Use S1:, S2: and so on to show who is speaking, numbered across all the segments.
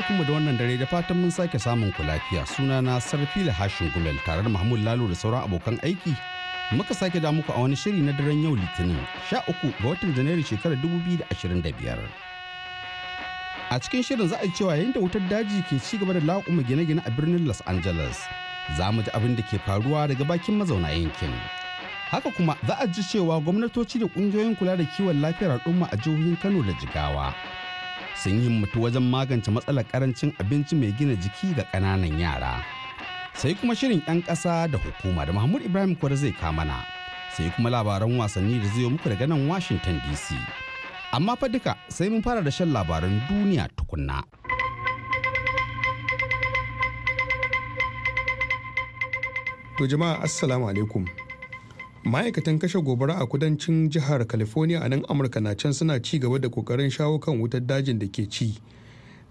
S1: barkunmu da wannan dare da fatan mun sake samun ku lafiya sunana sarfila hashin gumel tare da mahmud lalo da sauran abokan aiki muka sake da muku a wani shiri na daren yau litinin 13 ga watan janairu shekarar 2025 a cikin shirin za a yi cewa yayin da wutar daji ke ci gaba da laƙuma gine-gine a birnin los angeles za mu ji abin da ke faruwa daga bakin mazauna yankin haka kuma za a ji cewa gwamnatoci da ƙungiyoyin kula da kiwon lafiyar al'umma a jihohin kano da jigawa sun yi mutu wajen magance matsalar karancin abinci mai gina jiki ga ƙananan yara sai kuma shirin 'yan ƙasa da hukuma da mahmud ibrahim kwara zai kamana sai kuma labaran wasanni da zai muku daga nan washington dc amma fa duka sai mun fara da shan labaran duniya tukunna
S2: to jama'a assalamu alaikum ma'aikatan kashe gobara a kudancin jihar california a nan amurka na can suna ci gaba da kokarin shawo kan wutar dajin da ke ci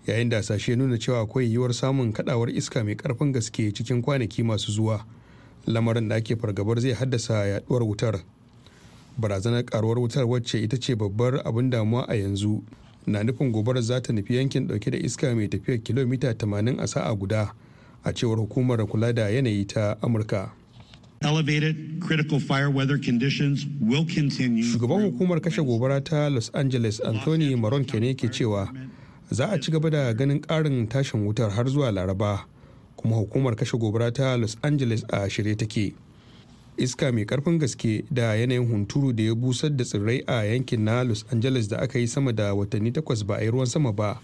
S2: yayin da sashe nuna cewa akwai yiwuwar samun kadawar iska mai karfin gaske cikin kwanaki masu zuwa lamarin da ake fargabar zai haddasa yaduwar wutar barazanar karuwar wutar wacce ita ce babbar abin damuwa a yanzu na nufin gobarar za ta nufi yankin dauke da iska mai tafiyar kilomita 80 a sa'a guda a cewar hukumar kula da yanayi ta amurka Shugaban hukumar kashe gobara ta Los Angeles Anthony Maron ne ke cewa za a ci gaba da ganin ƙarin tashin wutar har zuwa Laraba kuma hukumar kashe gobara ta Los Angeles a shirye take. Iska mai karfin gaske da yanayin hunturu da ya busar da tsirrai a yankin na Los Angeles da aka yi sama da watanni takwas ba a yi ruwan sama ba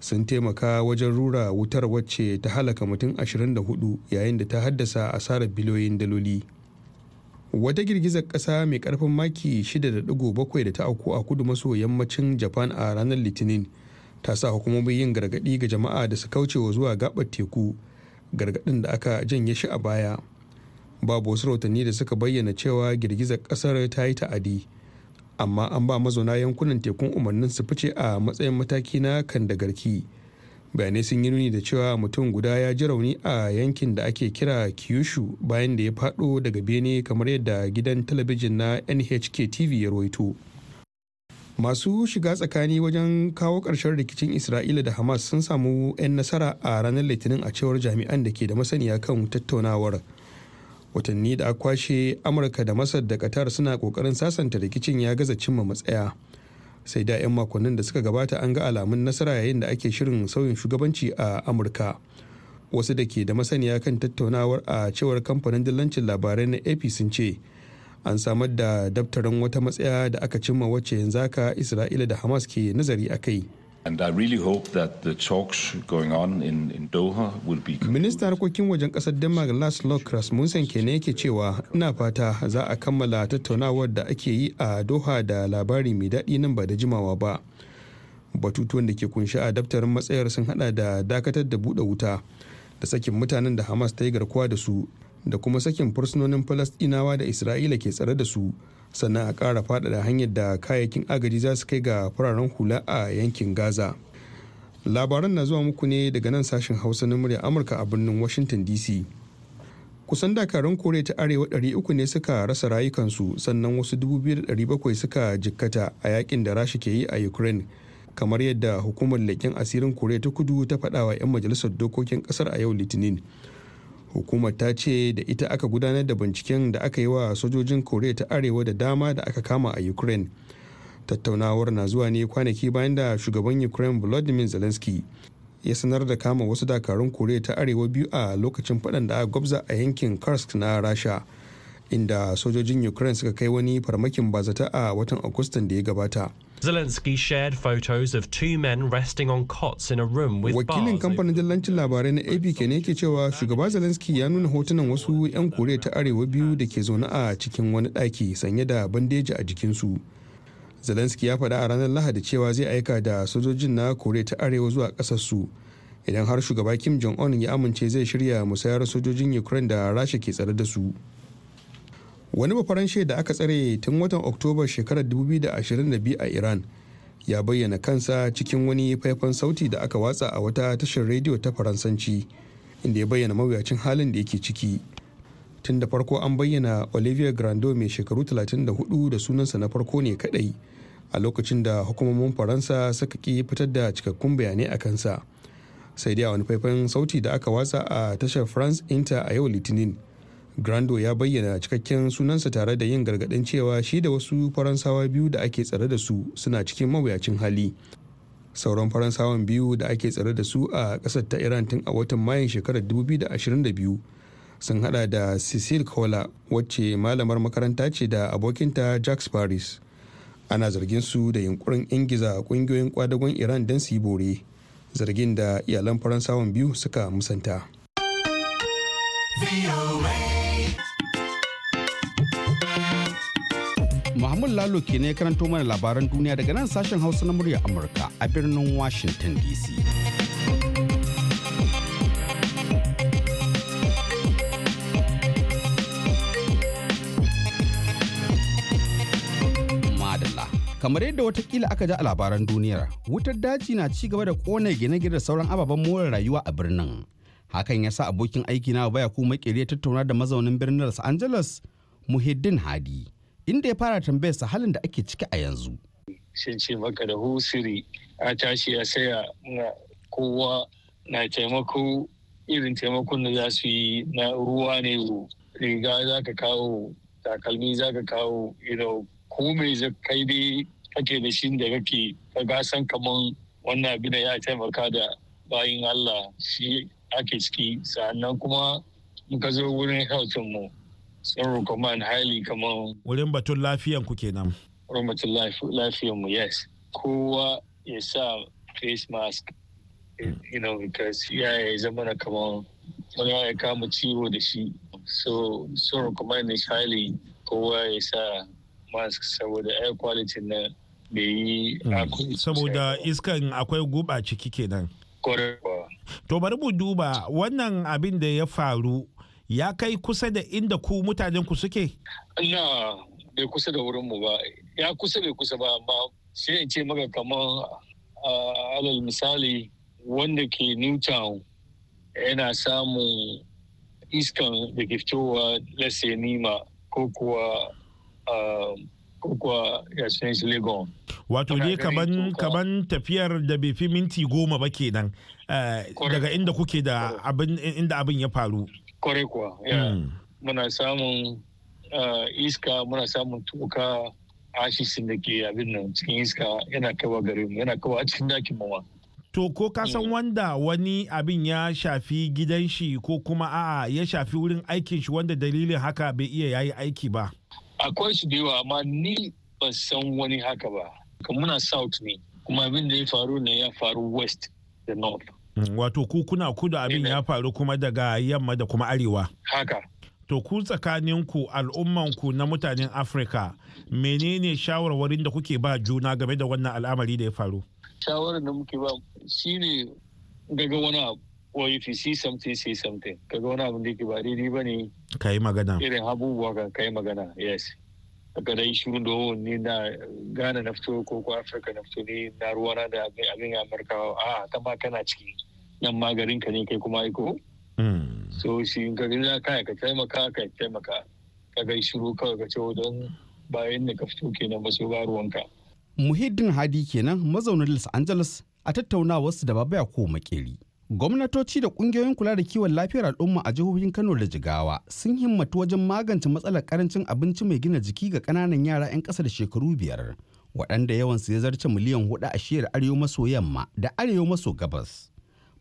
S2: sun taimaka wajen rura wutar wacce ta halaka mutum 24 yayin da ta haddasa asarar biliyoyin daloli wata girgizar ƙasa mai karfin maki 6.7 da ta auku a kudu maso yammacin japan a ranar litinin ta sa hukumomin yin gargaɗi ga jama'a da su kauce wa zuwa gabar teku gargaɗin da aka janye shi a baya babu wasu rahotanni da suka bayyana cewa girgizar ƙasar ta yi ta'adi amma an ba mazauna yankunan tekun umarnin su fice a matsayin mataki na kan da garki bayanai sun yi nuni da cewa mutum guda ya ji rauni a yankin da ake kira kyushu bayan da ya fado daga bene kamar yadda gidan talabijin na nhk tv ya roito masu shiga tsakani wajen kawo ƙarshen rikicin isra'ila da hamas sun samu 'yan nasara a ranar litinin a cewar jami'an da ke da masaniya kan tattaunawar watanni da a kwashe amurka da masar da qatar suna kokarin sasanta rikicin ya gaza cimma matsaya sai da 'yan makonnin da suka gabata an ga alamun nasara yayin da ake shirin sauyin shugabanci a amurka wasu da ke da masaniya kan tattaunawar a cewar kamfanin dillancin labarai na ap sun ce an samar da daftarin wata matsaya da aka cimma wacce yanzu haka isra'ila da hamas ke nazari a kai that the minista harkokin wajen kasar Denmark Laszlo Rasmussen kenan yake cewa ina fata za a kammala tattaunawar da ake yi a Doha da labari mai daɗi nan ba da jimawa ba. Batutuwan da ke kunshi a daftarin matsayar sun hada da dakatar da buɗe wuta da sakin mutanen da Hamas ta yi garkuwa da su da kuma sakin fursunonin Falasɗinawa da Isra'ila ke tsare da su. sannan a ƙara faɗaɗa hanyar da kayayyakin agaji za su kai ga fararen hula a yankin gaza labaran na zuwa muku ne daga nan sashen hausa na murya amurka a birnin washington dc kusan dakarun koriya ta arewa 300 ne suka rasa rayukansu sannan wasu 2,700 suka jikkata a yakin da rashi ke yi a ukraine kamar yadda hukumar leƙen asirin koriya ta kudu ta faɗawa 'yan majalisar dokokin ƙasar a yau litinin hukumar ta ce da ita aka gudanar da binciken da aka yi wa sojojin koriya ta arewa da dama da aka kama a ukraine tattaunawar na zuwa ne kwanaki bayan da shugaban ukraine volodymyr zelensky ya sanar da kama wasu dakarun koriya ta arewa biyu a lokacin faɗan da gwabza a yankin kursk na rasha inda sojojin ukraine suka kai wani farmakin bazata a watan agustan da ya gabata
S3: Zelensky shared photos of two men resting on cots in a room with Wakilin
S2: kamfanin dillancin labarai na AP ne yake cewa shugaba Zelensky ya nuna hotunan wasu 'yan Koriya ta Arewa biyu da ke zaune a cikin wani ɗaki sanye da bandeji a jikinsu. Zelensky ya faɗa a ranar Lahadi cewa zai aika da sojojin na Koriya ta Arewa zuwa ƙasarsu idan har shugaba Kim Jong-un ya amince zai shirya musayar sojojin Ukraine da Rasha ke tsare da su. wani bafaranshe da aka tsare tun watan oktoba shekarar 2022 a iran ya bayyana kansa cikin wani faifan sauti da aka watsa a wata tashar rediyo ta faransanci inda ya bayyana mawuyacin halin da yake ciki tun da farko an bayyana olivier grando mai shekaru 34 da sunansa na farko ne kadai a lokacin da hukumomin faransa suka ki fitar da cikakkun bayanai a kansa sai dai a wani faifan sauti da aka watsa a tashar france inter a yau litinin grando ya bayyana cikakken sunansa tare da yin gargaɗin cewa shi da wasu faransawa biyu da ake tsare da su suna cikin mawuyacin hali sauran faransawan biyu da ake tsare da su a ƙasar ta iran tun a watan mayun shekarar 2022 sun hada da cecil kola wacce malamar makaranta ce da abokinta jacques paris ana zargin su da yunkurin ingiza ƙungiyoyin kwadagon iran don su yi bore zargin da iyalan faransawan biyu suka musanta.
S1: Lalo ke ne karanto mana labaran duniya daga nan sashen Hausa na murya Amurka a birnin Washington DC. kamar yadda watakila aka ji a labaran duniyar wutar daji na ci gaba da kone gine-gine da sauran ababen more rayuwa a birnin hakan ya sa abokin aiki na baya kuma makere tattauna da mazaunin birnin los angeles muhiddin hadi inda ya fara tambayar sa halin da ake ciki a yanzu.
S4: Sai ce maka da husiri a tashi a saya na kowa na taimako irin taimakon da za su yi na ruwa ne riga za ka kawo takalmi za ka kawo ko mai kai dai kake da shi da kake ka gasan kamar wannan abin da ya taimaka da bayin Allah shi ake ciki sannan kuma muka zo wurin mu tsaro command hali kamar
S5: wurin batun lafiyan ku kenan
S4: wurin batun lafiyan mu yes kowa ya sa face mask you know because ya ya zama na kamar wani ya kama ciwo da shi so tsaro command is highly kowa ya sa mask saboda air quality na bai yi
S5: hmm. saboda iskan akwai guba ciki kenan to bari mu duba wannan abin da ya faru ya kai kusa da inda ku mutanen ku
S4: suke? Na bai kusa da wurinmu ba ya kusa bai kusa ba amma sai in ce maka kamar alal misali wanda ke Newtown yana samun iskan da ke fitowa lase nima ko kuwa ko kuwa Legon.
S5: Wato ne kaman tafiyar da bai fi minti goma ba kenan eh, daga inda kuke da abin ya faru.
S4: kwarai kuwa hmm. muna samun uh, iska muna samun tuka ashisin da ke abin nan cikin iska yana kawo gare mu yana kawo a cikin dakin mawa
S5: to ko ka san hmm. wanda wani abin ya shafi gidan shi ko kuma a'a ya shafi wurin aikin shi wanda dalilin haka bai iya yayi aiki ba
S4: akwai su da yawa amma ni ban san wani haka ba muna south ne kuma abin da ya faru ne ya faru west da north
S5: Wato ku kuna ku da abin ya faru kuma daga yamma da kuma arewa. Haka. To ku al'umman al'ummanku na mutanen Afirka menene shawarwarin da kuke ba juna game da wannan al'amari da ya faru?
S4: Shawarar da muke ba shine daga wani abu. or if you see something say something wani abin da yake ba daidai ba ne
S5: ka yi magana
S4: irin abubuwa kan ka yi magana yes daga dai shirin da ne na gana na fito ko ko Afirka na fito ne na ruwana da abin Amurka a ta ma kana ciki nan maganin ka ne kai kuma aiko hmm. so shi ka ya kaya ka taimaka ka taimaka ka ga shiru kawai ka ce oh, don bayan da ka fito kenan ba su ba ruwanka
S1: muhiddin hadi kenan mazaunin los angeles a su da baba ko makeri gwamnatoci da kungiyoyin kula da kiwon lafiyar al'umma a jihohin kano da jigawa sun himmatu wajen magance matsalar karancin abinci mai gina jiki ga kananan yara 'yan ƙasa da shekaru biyar waɗanda su ya zarce miliyan hudu a shiyar arewa maso yamma da arewa maso gabas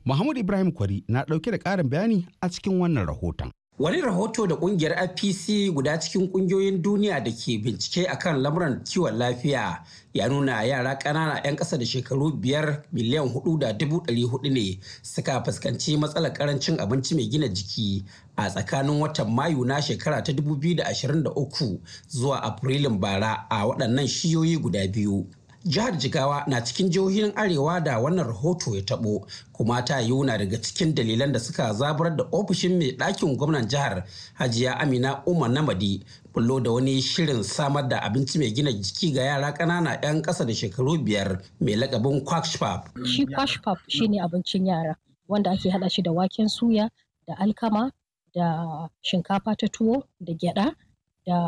S1: Muhammad Ibrahim Kwari na ɗauke da ƙarin bayani a cikin wannan rahoton. Wani rahoto da ƙungiyar APC guda
S6: cikin ƙungiyoyin duniya da ke bincike akan lamuran kiwon lafiya ya nuna yara ƙanana 'yan ƙasa da shekaru biyar miliyan hudu da dubu ɗari hudu ne suka fuskanci matsalar ƙarancin abinci mai gina jiki a tsakanin watan mayu na shekara ta 2023 zuwa afrilun bara a waɗannan shiyoyi guda biyu jihar jigawa na cikin jihohin arewa da wannan rahoto ya tabo kuma ta yiwu na daga cikin dalilan da suka zaburar da ofishin mai ɗakin gwamnan jihar hajiya amina umar namadi bullo da wani shirin samar da abinci mai gina jiki ga yara ƙanana 'yan ƙasa da shekaru biyar mai lakabin kwakshpap
S7: shi kwakshpap shine abincin yara wanda ake hada shi da waken suya da alkama da shinkafa ta tuwo da gyada da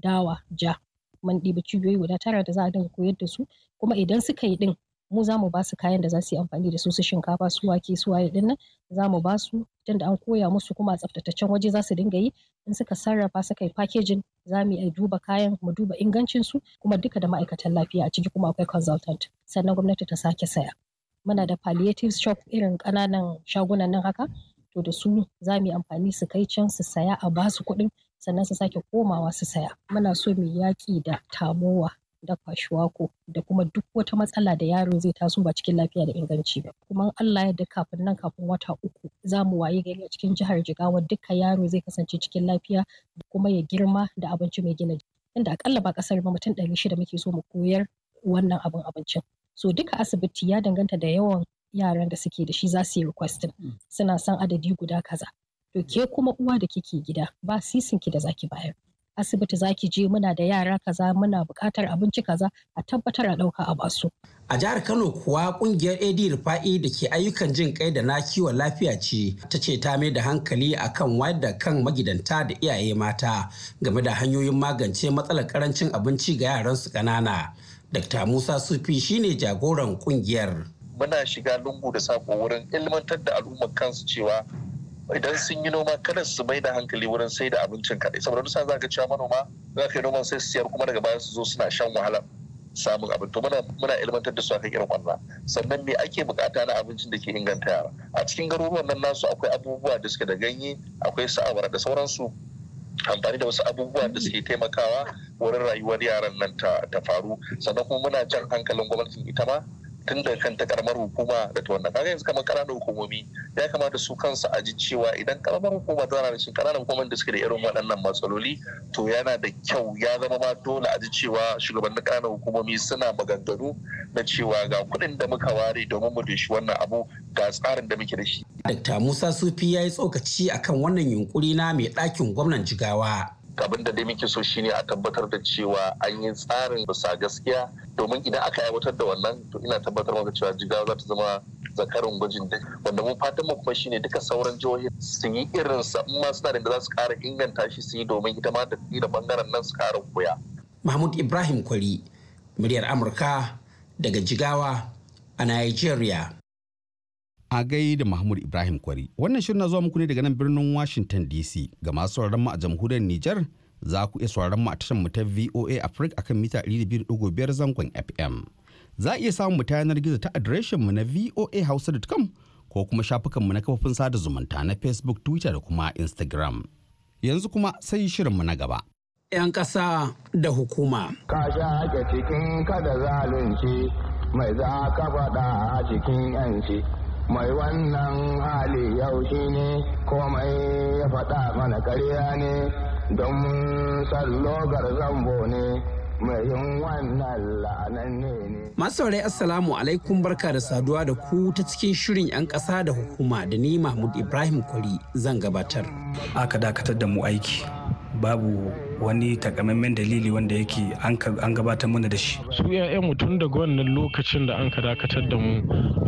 S7: dawa ja man ɗiba cibiyoyi guda tara da za a dinga koyar da su kuma idan suka yi din mu za mu ba su kayan da za su yi amfani da su su shinkafa su wake su waye din nan za mu ba su tunda an koya musu kuma a tsaftataccen waje za su dinga yi in suka sarrafa suka yi packaging za mu iya duba kayan mu duba ingancin su kuma duka da ma'aikatan lafiya a ciki kuma akwai consultant sannan gwamnati ta sake saya muna da palliative shop irin ƙananan shagunan nan haka to da su za mu yi amfani su kai can su saya a ba su kuɗin sannan su sake komawa su saya muna so mu yaƙi da tamowa da kwashiwako da kuma duk wata matsala da yaro zai taso ba cikin lafiya da inganci ba kuma Allah ya da kafin nan kafin wata uku za mu waye gari a cikin jihar Jigawa duka yaro zai kasance cikin lafiya da kuma ya girma da abinci mai gina jiki inda akalla ba kasar ba mutum ɗari shida muke so mu koyar wannan abin abincin so duka asibiti ya danganta da yawan yaran da suke da shi za su yi requesting mm. suna son adadi guda kaza to ke kuma uwa da kike gida ba sisin ki da zaki bayar asibiti zaki je muna da yara kaza muna buƙatar abinci kaza a tabbatar a ɗauka a basu.
S6: A jihar Kano kuwa kungiyar AD Rufa'i da ke ayyukan jin kai da na kiwon lafiya ce ta ce ta mai da hankali akan wayar da kan magidanta da iyaye mata game da hanyoyin magance matsalar karancin abinci ga yaran su ƙanana. Dr. Musa Sufi shine jagoran kungiyar.
S8: Muna shiga lungu da sako wurin ilmantar da al'ummar kansu cewa idan sun yi noma kada su mai da hankali wurin sai da abincin kaɗai saboda dusa za ka cewa manoma za ka yi noman sai su siyar kuma daga baya su zo suna shan wahala samun abin to muna muna ilmantar da su aka irin wannan sannan me ake bukata na abincin da ke inganta yara a cikin garuruwan nan nasu akwai abubuwa da suke da ganye akwai sa'awar da sauransu amfani da wasu abubuwa da suke taimakawa wurin rayuwar yaran nan ta faru sannan kuma muna jan hankalin gwamnatin ita ma tun da kan ta karamar hukuma da ta wannan kaga yanzu kamar ƙananan hukumomi ya kamata su kansu a ji cewa idan karamar hukuma tana da shi ƙananan hukumomin da suke da irin waɗannan matsaloli to yana da kyau ya zama ma dole a ji cewa shugabannin ƙananan hukumomi suna maganganu na cewa ga kuɗin da muka ware domin mu dushi wannan abu ga tsarin da muke da shi. Dr.
S6: Musa Sufi ya yi tsokaci akan wannan yunkuri na mai ɗakin gwamnan Jigawa.
S8: abin da dai muke so shine a tabbatar da cewa an yi tsarin bisa gaskiya domin idan aka aiwatar da wannan to ina tabbatar maka cewa jigawa za ta zama zakarin gwajin da wanda mun fatan mu kuma shine duka sauran jihohi su yi irin sa ma suna da za su kara inganta shi su yi domin ita ma da da bangaren nan su kara koya
S6: Mahmud Ibrahim Kwari muryar Amurka
S1: daga Jigawa a Nigeria a gai da Mahmud Ibrahim Kwari. Wannan shirin na zuwa muku ne daga nan birnin Washington DC ga masu sauraron mu a jamhuriyar Nijar za ku iya sauraron mu a tashar mu ta VOA Africa akan mita 200.5 zangon FM. Za a iya samun mu ta yanar gizo ta adireshin mu na voahausa.com ko kuma shafukan mu na kafofin sada zumunta na Facebook, Twitter da kuma Instagram. Yanzu kuma sai shirin mu na gaba. 'Yan ƙasa da hukuma.
S9: Ka sha cikin kada zalunci mai za ka faɗa a cikin 'yanci. mai wannan hali yau shi ne komai ya faɗa mana karya ne don sallogar zambo ne mai yin wannan la'anan ne
S10: Masu
S6: Masaurai Assalamu alaikum barka da saduwa da ku ta cikin shirin 'yan ƙasa da hukuma da ni Mahmud
S10: Ibrahim Kwari zan gabatar. Aka dakatar da mu aiki. babu wani takamaiman dalili wanda yake an gabatar mana da shi
S3: su yayan mu tun daga wannan lokacin da an ka dakatar da mu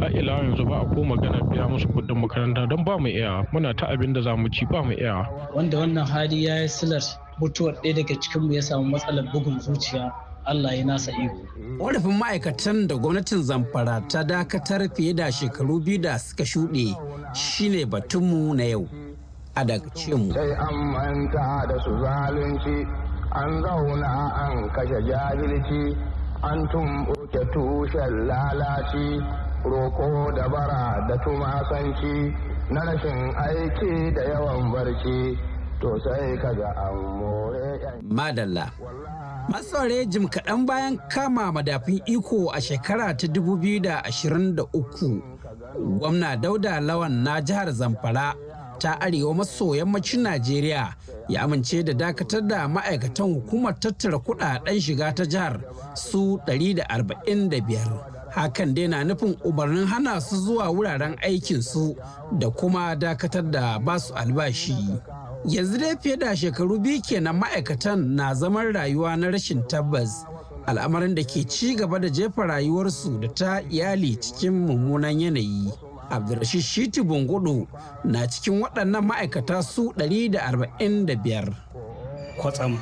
S3: a ila yanzu ba a ko magana biya musu kuɗin makaranta don ba mu iya muna ta abin da za mu ci ba mu iya
S10: wanda wannan hali ya yi silar mutuwar ɗaya daga mu ya samu matsalar bugun zuciya Allah ya nasa iko. Ƙorafin ma'aikatan
S6: da gwamnatin Zamfara ta dakatar fiye da shekaru biyu da suka shuɗe shine batunmu na yau. a daga mu
S9: sai an manta da su zalunci an zauna an kashe jahilci an tumɓuke tushen lalaci roko da bara da tumasanci na rashin aiki da yawan barci to sai kaga an more
S6: madalla matsare jim kaɗan bayan kama madafin iko a shekara ta 2023 gwamna dauda lawan na jihar zamfara ta arewa maso yammacin najeriya ya amince da dakatar da ma'aikatan hukumar tattara kudaden shiga ta jihar su 145 hakan dai na nufin umarnin hana su zuwa wuraren aikin su da kuma dakatar da basu albashi yanzu dai fiye da shekaru biyu kenan ma'aikatan na zaman rayuwa na rashin tabbas al'amarin da ke ci gaba da jefa rayuwarsu da ta iyali cikin mummunan yanayi abdulrashid shiti bungudu
S10: na cikin waɗannan ma'aikata su 145 kwatsam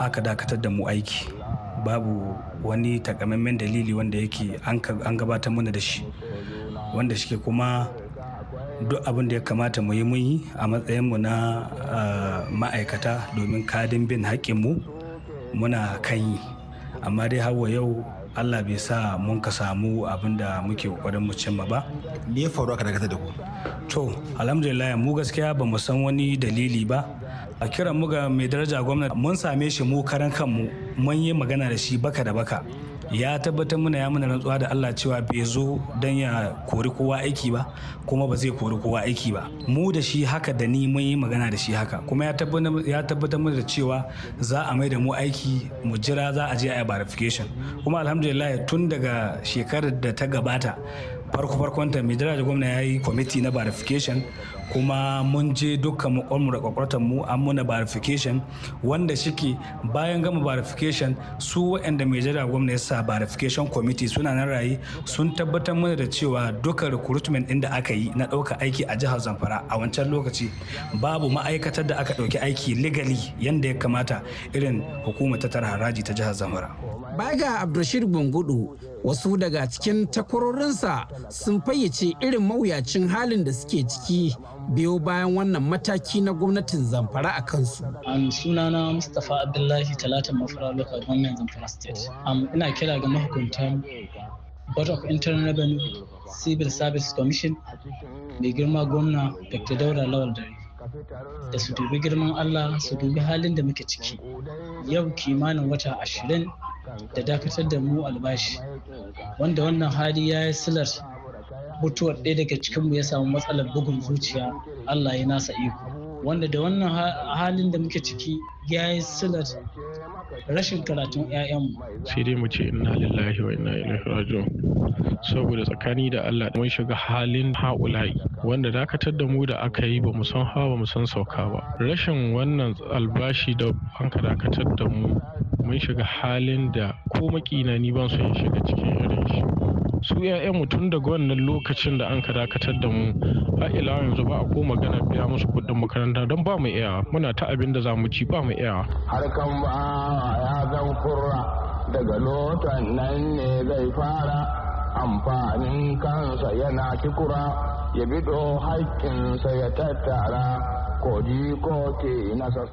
S10: aka dakatar da mu aiki babu wani takamaimen dalili wanda yake an gabatar mana da shi wanda shike kuma duk abin da ya kamata mu yi mun yi a matsayinmu na ma'aikata domin kadin bin haƙƙinmu muna kan yi amma dai hawa yau allah bai sa mun ka samu abin da muke kokarin mu cimma ba me ya faru aka dakatar da ku to alhamdulillah mu gaskiya ba mu san wani dalili ba a kiran mu ga mai daraja gwamnati mun same shi mu karan kanmu mun yi magana da shi baka da baka ya tabbatar mana ya mana rantsuwa da Allah cewa bai zo don ya kori kowa aiki ba kuma ba zai kori kowa aiki ba mu da shi haka da ni mun yi magana da shi haka kuma ya tabbatar mana da cewa za a mai da mu aiki mu jira za a je a verification kuma alhamdulillah tun daga shekarar da ta gabata farko farkonta mai da gwamna ya yi kwamiti na verification kuma mun je dukkan makwarmu da kwakwartar mu an muna verification wanda shike bayan gama verification su waɗanda mai jira gwamna ya sa verification committee suna nan rayu sun tabbatar mana da cewa duka recruitment ɗin da aka yi na ɗaukar aiki a jihar zamfara a wancan lokaci babu ma'aikatar da aka ɗauki aiki legally yanda ya kamata irin hukumar ta tar haraji ta jihar zamfara
S6: baga abdulrashid bangudu wasu daga cikin takwarorinsa sun fayyace irin mawuyacin halin da suke ciki biyo bayan wannan mataki na gwamnatin zamfara a kansu. Um, sunana Mustapha
S10: Abdullahi talata Mafara Local Government Zamfara State. Um, ina kira ga mahukuntan Board of Internal Revenue Civil Service Commission mai girma gwamna Dr. Daura Lawal Dare. Da su dubi girman Allah su dubi halin da muke ciki. Yau kimanin wata ashirin da dakatar da mu albashi. Wanda wannan hali ya yi silar mutuwar ɗaya daga mu ya samu matsalar bugun zuciya Allah ya nasa iko wanda da wannan halin da muke ciki ya yi silar rashin karatun 'ya'yanmu.
S3: sai dai mu ce inna lillahi wa inna ilaihi raji'un saboda tsakani da Allah mun shiga halin haula'i wanda dakatar da mu da aka yi ba mu san hawa ba mu san sauka ba rashin wannan albashi da banka dakatar da mu mun shiga halin da ko makina ni ban so ya shiga cikin irin shi su 'ya'yan mutum daga wannan lokacin da an ka dakatar da mu a ila yanzu ba a ko magana biya musu kuɗin makaranta don ba mu iya muna ta abin da za mu ci ba mu iya
S9: harkan ba ya zan kurra daga lotan nan ne zai fara amfanin kansa yana kikura ya bido haƙƙinsa ya tattara ko ke nasa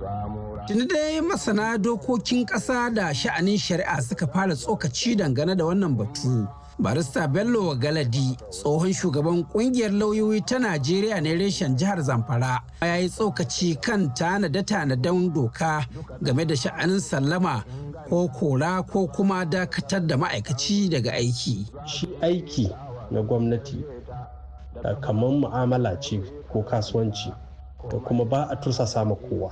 S6: Tuni dai masana dokokin ƙasa da sha'anin shari'a suka fara tsokaci dangane da wannan batu barista bello galadi tsohon shugaban kungiyar lauyoyi ta najeriya ne reshen jihar zamfara ya yi tsokaci kan tanada-tanada tanadan doka game da sha'anin sallama ko kora ko kuma dakatar da ma'aikaci daga aiki
S3: shi aiki na gwamnati kamar mu'amala ce ko kasuwanci da kuma ba a tursasa sama kowa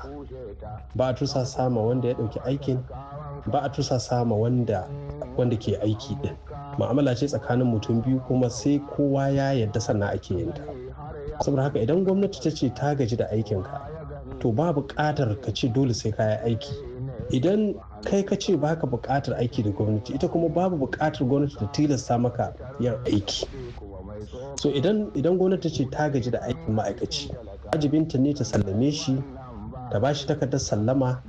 S3: ba a tursasa sama wanda ya ɗauki aikin ba a tursasa sama wanda wanda ke aiki din ma'amala ce tsakanin mutum biyu kuma sai kowa ya yadda sannan ake yin ta saboda haka idan gwamnati ta ce ta gaji da aikin ka to ba buƙatar ka ce dole sai ka yi aiki idan kai ka ce ba ka buƙatar aiki da gwamnati ita kuma babu buƙatar gwamnati ta tilasta maka yin aiki so idan idan gwamnati ce ta gaji da aikin ma'aikaci wajibinta ne ta sallame shi ta ba shi takardar sallama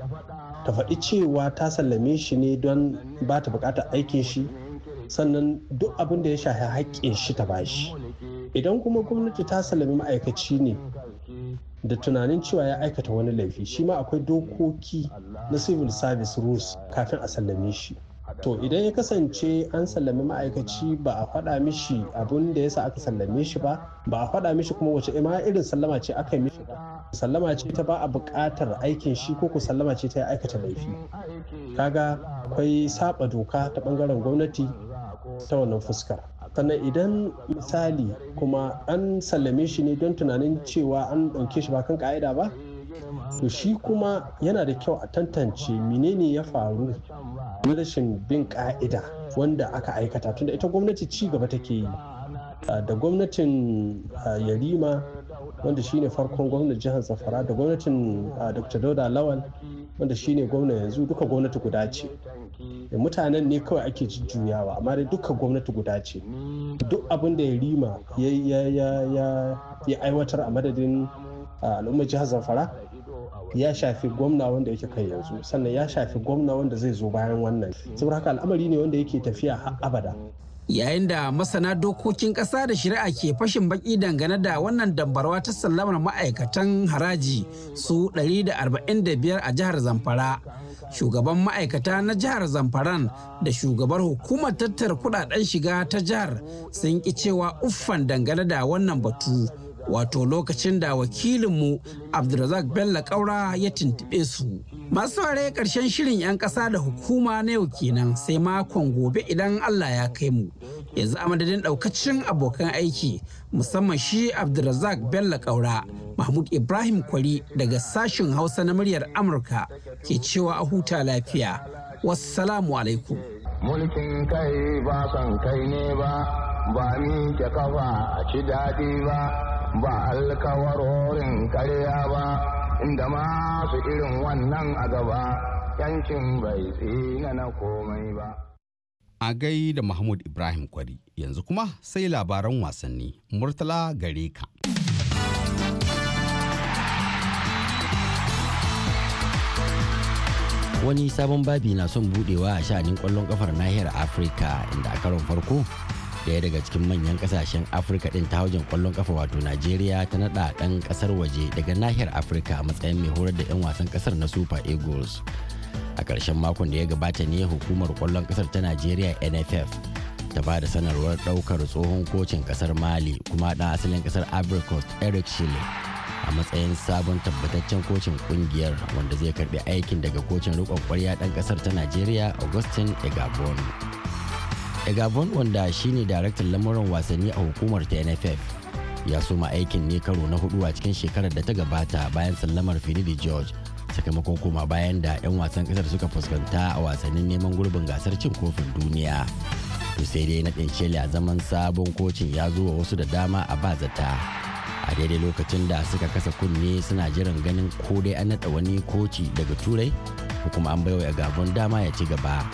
S3: ta faɗi cewa ta sallame shi ne don ba ta buƙatar aikin shi sannan duk abin da ya shafi haƙƙin shi ta bashi idan kuma gwamnati ta salami ma'aikaci ne da tunanin cewa ya aikata wani laifi shi ma akwai dokoki na civil service rules kafin a sallame shi to idan ya kasance an sallami ma'aikaci ba a faɗa mishi abun da yasa aka sallame shi ba ba a faɗa mishi kuma wace ma irin sallama ce aka yi mishi ba sallama ce ta ba a buƙatar aikin shi ko ku sallama ce ta ya aikata laifi kaga akwai saba doka ta ɓangaren gwamnati ta wannan fuskar sannan idan misali kuma an sallame shi ne don tunanin cewa an ɗauke shi ba kan ƙa'ida ba to shi kuma yana da kyau a tantance menene ya faru na rashin bin ka'ida wanda aka aikata tunda ita gwamnati ci gaba take yi ah, da gwamnatin ah, yarima wanda shine farkon gwamnatin jihar zamfara da gwamnatin ah, dr dauda lawal wanda shine gwamna yanzu duka gwamnati guda ce eh, mutanen ne kawai ake jujjuyawa amma dai duka gwamnati guda ce duk abin da Yarima rima ya aiwatar a madadin al'ummar jihar zamfara ya shafi gwamna wanda yake kai yanzu sannan ya shafi gwamna wanda zai zo bayan wannan saboda haka al'amari ne wanda yake tafiya har abada
S6: yayin da masana dokokin ƙasa da shari'a ke fashin baki dangane da wannan dambarwa ta sallamar ma'aikatan haraji su 145 a jihar zamfara shugaban ma'aikata na jihar zamfaran da shugabar hukumar tattara kudaden shiga ta jihar sun ki cewa uffan dangane da wannan batu wato lokacin da wakilinmu abdulrazak bello kaura ya tuntube su masu ware karshen shirin 'yan ƙasa da hukuma na yau kenan sai makon gobe idan allah ya kai mu yanzu a madadin ɗaukacin abokan aiki musamman shi abdulrazak bello kaura mahmud ibrahim kwari daga sashen hausa na muryar amurka ke cewa a huta lafiya wassalamu alaikum
S9: mulkin kai ba son kai ne ba ba ni ke kafa a ci daɗi ba ba alkawarorin karya ba inda masu irin wannan a gaba yankin bai tsina na komai ba
S1: a gai da mahmud ibrahim kwari yanzu kuma sai labaran wasanni murtala gare ka
S11: wani sabon babi na son budewa a sha'anin kwallon kafar nahiyar afirka inda a karon farko daya daga cikin manyan kasashen afirka din ta hujin kwallon kafa wato najeriya ta nada ɗan kasar waje daga nahiyar afirka a matsayin mai horar da 'yan wasan kasar na super eagles a ƙarshen makon da ya gabata ne hukumar kwallon kasar ta najeriya nff ta ba da sanarwar ɗaukar tsohon kocin kasar mali kuma ɗan asalin kasar ivory eric shile a matsayin sabon tabbataccen kocin kungiyar wanda zai karbi aikin daga kocin rikon kwarya dan kasar ta najeriya augustin egabon egabon wanda shine daraktan lamuran wasanni a hukumar ta nff ya soma aikin ne karo na hudu a cikin shekarar da ta gabata bayan sallamar finidi george sakamakon koma bayan da 'yan wasan kasar suka fuskanta a wasannin neman gurbin gasar cin kofin duniya to sai dai naɗin shele zaman sabon kocin ya zo wa wasu da dama a bazata a daidai lokacin da suka kasa kunne suna jiran ganin ko dai an naɗa wani koci daga turai ko kuma an baiwa gabon dama ya ci gaba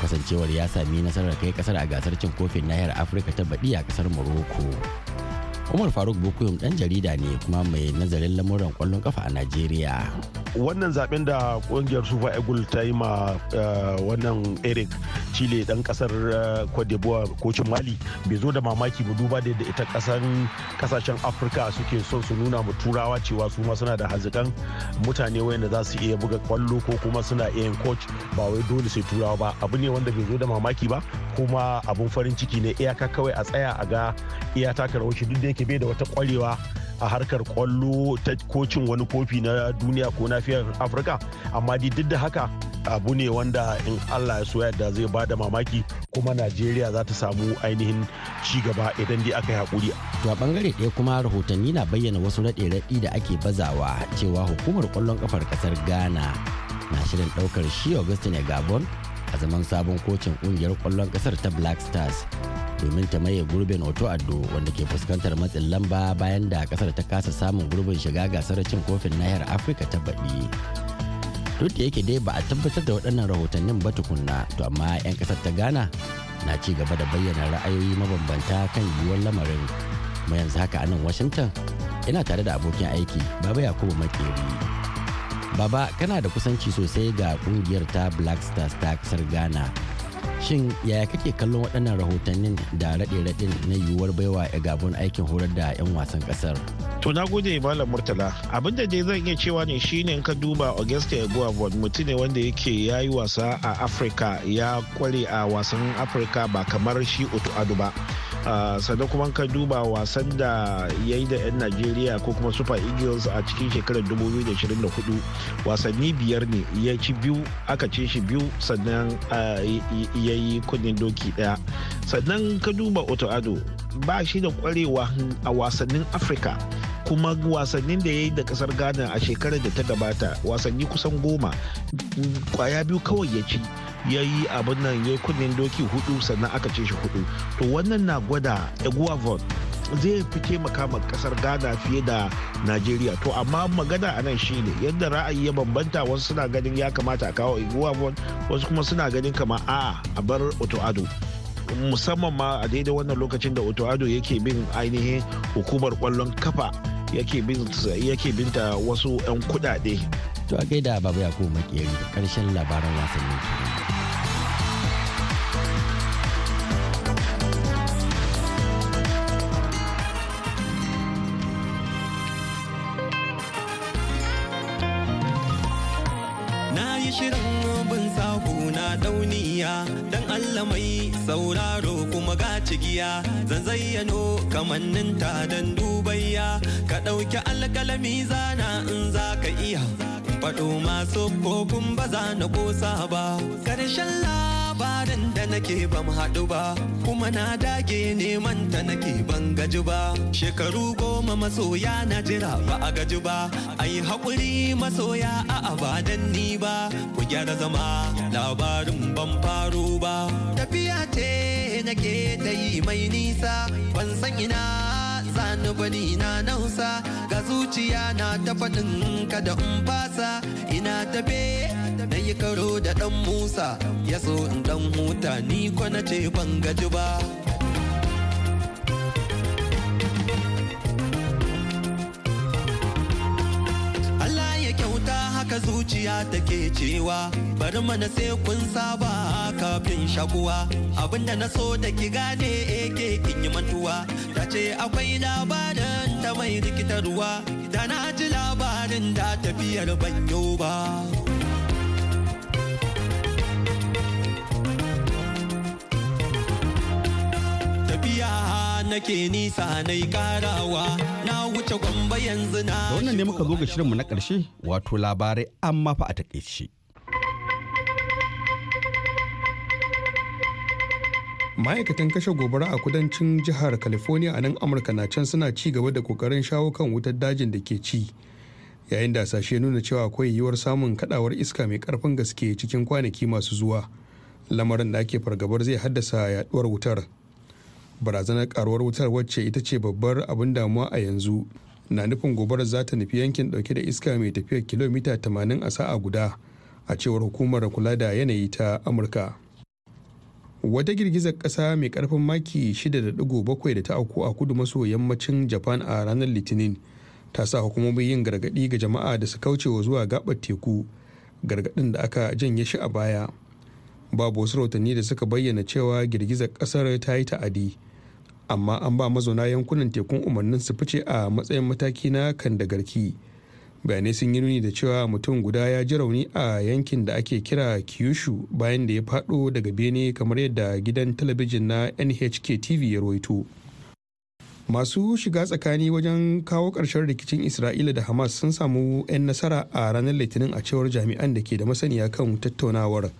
S11: kasancewar ya sami nasarar kai kasar a gasar cin kofin nahiyar afirka ta baɗi a kasar morocco umar faruk bukuyum ɗan jarida ne kuma mai nazarin lamuran kwallon kafa a najeriya
S5: wannan zaben da kungiyar sufa egul ta yi ma eh, wannan eric chile dan kasar eh, cote d'ivoire kocin mali bai zo da mamaki ba duba da ita kasan kasashen afirka suke son su nuna mu turawa cewa su ma suna da hazikan mutane wayanda za su iya buga kwallo ko kuma suna iya yin coach ba wai dole sai turawa ba abu ne wanda bai zo da mamaki ba kuma abun farin ciki ne iyaka kawai a tsaya a ga iya taka rawar duk da yake bai da wata kwarewa a harkar kwallo ta kocin wani kofi na duniya ko nafiyar afirka amma dai duk da haka abu ne wanda in allah ya soya da zai bada mamaki kuma najeriya za ta samu ainihin gaba idan dai aka yi hakuri.
S11: to a bangare ɗaya kuma rahotanni na bayyana wasu raɗe-raɗi da ake bazawa cewa hukumar kwallon kafar ƙasar ghana na shirin ɗaukar shi augustine gabon a zaman sabon kocin ƙungiyar kwallon ƙasar ta black stars domin ta maye gurbin oto addo wanda ke fuskantar matsin lamba bayan da kasar ta kasa samun gurbin shiga gasar cin kofin nahiyar afirka ta baɗi duk da yake dai ba a tabbatar da waɗannan rahotannin ba tukunna to amma 'yan kasar ta gana na ci gaba da bayyana ra'ayoyi mabambanta kan yiwuwar lamarin kuma yanzu haka a nan washington ina tare da abokin aiki baba yakubu makeri baba kana da kusanci sosai ga kungiyar ta black stars ta kasar ghana shin yaya kake kallon waɗannan rahotannin da raɗe-raɗin na yiwuwar baiwa a gabon aikin horar da 'yan wasan ƙasar
S5: to na gode malam murtala abinda dai zan iya cewa ne shine in ka duba augusta eguavon mutum ne wanda yake ya yi wasa a afirka ya kware a wasan afirka ba kamar shi otu adu ba Ah, sannan kuma ka duba wasan da ya yi da 'yan najeriya ko kuma super eagles a cikin shekarar 2024 wasanni biyar ne ya ci biyu aka ce shi biyu sannan ah, ya yi kunnen doki daya sannan ka duba oto ado ba shi da kwarewa a wasannin afirka kuma wasannin da ya yi da kasar ghana a shekarar da ta gabata wasanni kusan goma kwaya mm, biyu kawai ya ci ya yi abin nan ya kunnen doki hudu sannan aka ce shi hudu to wannan na gwada eguavon zai fi taimaka ma kasar ghana fiye da najeriya to amma magana a nan ne yadda ra'ayi ya bambanta wasu suna ganin ya kamata a kawo iguavon wasu kuma suna ganin kama a'a a bar oto ado musamman ma a daidai wannan lokacin da otoado yake bin ainihin hukumar kwallon kafa yake
S11: binta wasu 'yan kudade. To a gaida baba ya ko makeri karshen labaran wasannin
S12: ya zan zayyano ta don dubayya ka ɗauki alkalami zana in za ka iya faɗo masu kofin ba za na ƙosa ba Karshen labarin da nake ban haɗu ba kuma na dage neman ta nake ban gaji ba shekaru goma masoya na jira ba a gaji ba ai haƙuri masoya a abadan ni ba ku gyara zama labarin ban faru ba tafiya ce ce nake ta yi mai nisa ban san ina zanu gwani na nausa ga zuciya na ta faɗin kada in fasa ina tafe na yi karo da ɗan musa ya so in ɗan huta ni ko na ce ban gaji ba haka zuciya take cewa bari mana sai kun saba kafin shakuwa abinda na so da ki gane eke kin yi mantuwa ta ce akwai labarin ta mai rikitarwa da na ji labarin da tafiyar banyo ba tafiya nake nisa na karawa na wuce gwamba yanzu na.
S1: Da wannan ne muka zo ga shirinmu na ƙarshe wato labarai amma fa a takaice.
S2: ma'aikatan kashe gobara a kudancin jihar california a nan amurka na can suna ci gaba da kokarin shawo kan wutar dajin da ke ci yayin da sashe nuna cewa akwai yiwuwar samun kadawar iska mai karfin gaske cikin kwanaki masu zuwa lamarin da ake fargabar zai haddasa yaduwar wutar barazanar karuwar wutar wacce ita ce babbar abin damuwa a yanzu na nufin gobarar za ta nufi yankin dauke da iska mai tafiyar kilomita 80 a sa'a guda a cewar hukumar kula da yanayi ta amurka wata girgizar kasa mai karfin maki 6.7 da ta auku a kudu maso yammacin japan a ranar litinin ta sa hukumomin yin gargadi ga jama'a da su kaucewa zuwa gabar teku gargadin da aka janye shi a baya babu wasu rahotanni da suka bayyana cewa girgizar kasar ta yi ta'adi amma an ba mazauna yankunan tekun umarnin su fice a matsayin mataki na kan da garki bayanai sun yi nuni da cewa mutum guda ya ji rauni a yankin da ake kira kyushu bayan da ya fado daga bene kamar yadda gidan talabijin na nhk tv ya roito masu shiga tsakani wajen kawo ƙarshen rikicin isra'ila da hamas sun samu 'yan nasara a ranar litinin a cewar jami'an da ke da masaniya kan tattaunawar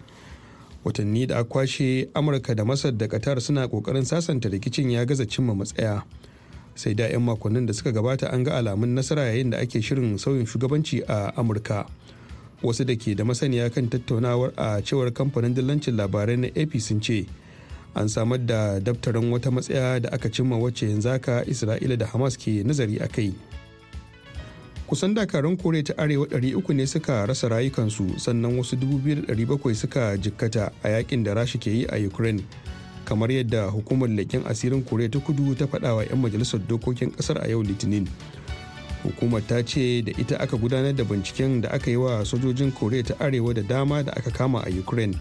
S2: watanni da a kwashe amurka da masar da qatar suna kokarin sasanta rikicin ya gaza cimma matsaya sai da 'yan makonnin da suka gabata an ga alamun nasara yayin da ake shirin sauyin shugabanci a amurka wasu da ke da masaniya kan tattaunawar a cewar kamfanin dillancin labarai na ap sun ce an samar da daftarin wata matsaya da aka cimma wacce yanzu haka isra'ila da hamas ke nazari a kai kusan dakarun kore ta arewa 300 ne suka rasa rayukansu sannan wasu 2,700 suka jikkata a yakin da rashi ke yi a ukraine kamar yadda hukumar leƙen asirin koriya ta kudu ta faɗa wa 'yan majalisar dokokin ƙasar a yau litinin hukumar ta ce da ita aka gudanar da binciken da aka yi wa sojojin kore ta arewa da dama da aka kama a ukraine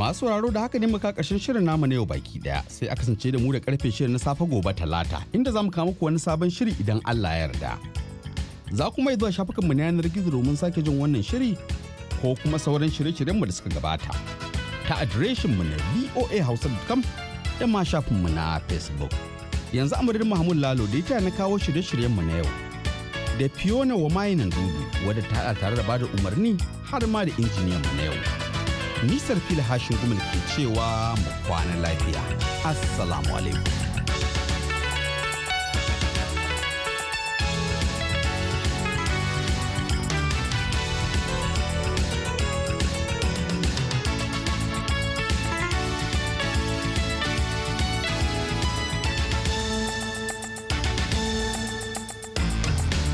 S2: masu sauraro da haka ne muka ƙarshen shirin namu na yau baki daya sai aka kasance
S1: da mu da karfe shirin na safe gobe talata inda zamu mu kawo muku wani sabon shiri idan allah ya yarda Za kuma yi zuwa shafukanmu na yanar gizo domin sake jin wannan shiri ko kuma sauran shirye-shiryenmu da suka gabata. Ta adireshinmu na voahausa.com da ma shafinmu na Facebook. Yanzu amadadin Mahmud Lalo da ya na kawo shirye-shiryenmu na yau. Da Fiona Wamayinan dubu wadda ta haɗa tare da bada umarni har ma da injiniyan mu na yau. Nisar fil hashin gumin ke cewa mu kwana lafiya. Assalamu
S12: alaikum.